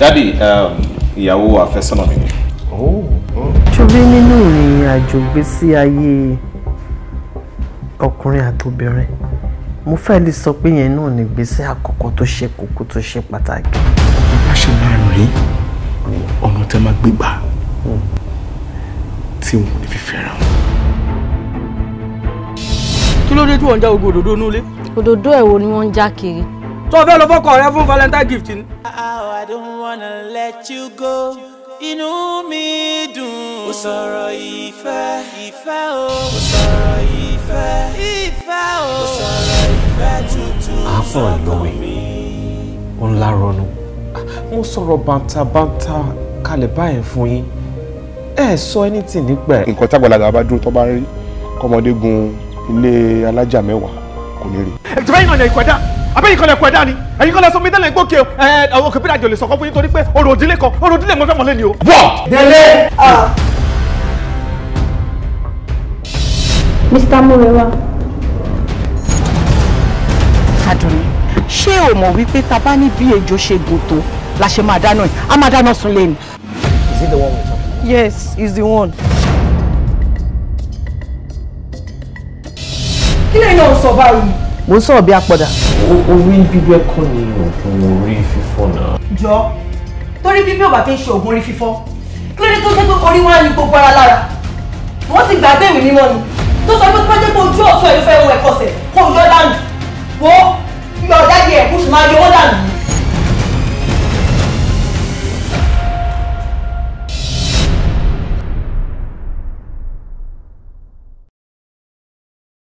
dádì um, ìyàwó àfẹ́sọ́nà mi ni. ṣùgbọ́n nínú ìrìn àjò gbésí ayé ọkùnrin àtobìnrin mo fẹ́ lè sọ pé yẹn náà ní gbèsè àkọ́kọ́ tó ṣe kókó tó ṣe pàtàkì. bá ṣe máa rí ọ̀nà tẹ́ máa gbégbà tí wọn ò ní fi fẹ́ràn. kí ló dé tí wọ́n ń já ogun òdòdó nulẹ̀. òdòdó ẹ̀ wo ni wọ́n ń já kiri. tó o fẹ́ lọ fọ́kọ rẹ fún valentine gift ni don't wanna let you go. Inú mi dùn. Mo sọ̀rọ̀ ìfẹ́. Ìfẹ́ o. Mo sọ̀rọ̀ ìfẹ́. Ìfẹ́ o. Mo sọ̀rọ̀ ìfẹ́ tuntun. À ń sọ̀rọ̀ lówe. Ó ń lárọnu. Mo sọ̀rọ̀ bàǹtàbàǹtà kalẹ̀ báyìí fún yín. Ẹ sọ anything nípa ẹ̀. Nǹkan tágbàlagbà bá dúró tó bá rí kọ́mọdé gun ilé alájà mẹ́wàá kò ní rí. Ètò báyìí náà ni ìkọjá abẹ́yìn kan lè kọ ẹ̀dá ni ẹ̀yin kan lè sọ mi tẹ́lẹ̀ gbókè o ẹ̀ ọ̀wọ́ kẹ̀pẹ́rẹ́ àjọ lè sọ fún yín torí pé ọ̀rọ̀ òdílé kan ọ̀rọ̀ òdílé mo fẹ́ mọ̀ lẹ́ni o. bọ́ délé. Ah. Mr. Murewa. Adùnní ṣé o mọ̀ wípé ta bá ní bí ejò ṣe gòtò la ṣe máa dáná yìí a máa dáná sun lẹ́nu. Is it the one we're talking about? Yes, is the one. kí lẹ́yìn náà sọ báyìí mo ń sọ̀rọ̀ bí apọ̀dà. orí bíbẹ́ kọ́ ni oògùn orí fífọ́ náà. jọ torí bíbẹ́ ò bá fi ń ṣe oògùn orí fífọ́ kí ló dé tó jẹ́ pé orí wa ní gbogbo ara lára wọ́n ti gbàgbé ìwé mímọ́ ni tó sọ pé tó bá jẹ́ pé ojú ọ̀tún ẹ̀ ló fẹ́ ohun ẹ̀kọ́sẹ̀ kó yọ dànù wọ́n yọ ọ̀dá di ẹ̀ kó sì máa yọ dànù yìí.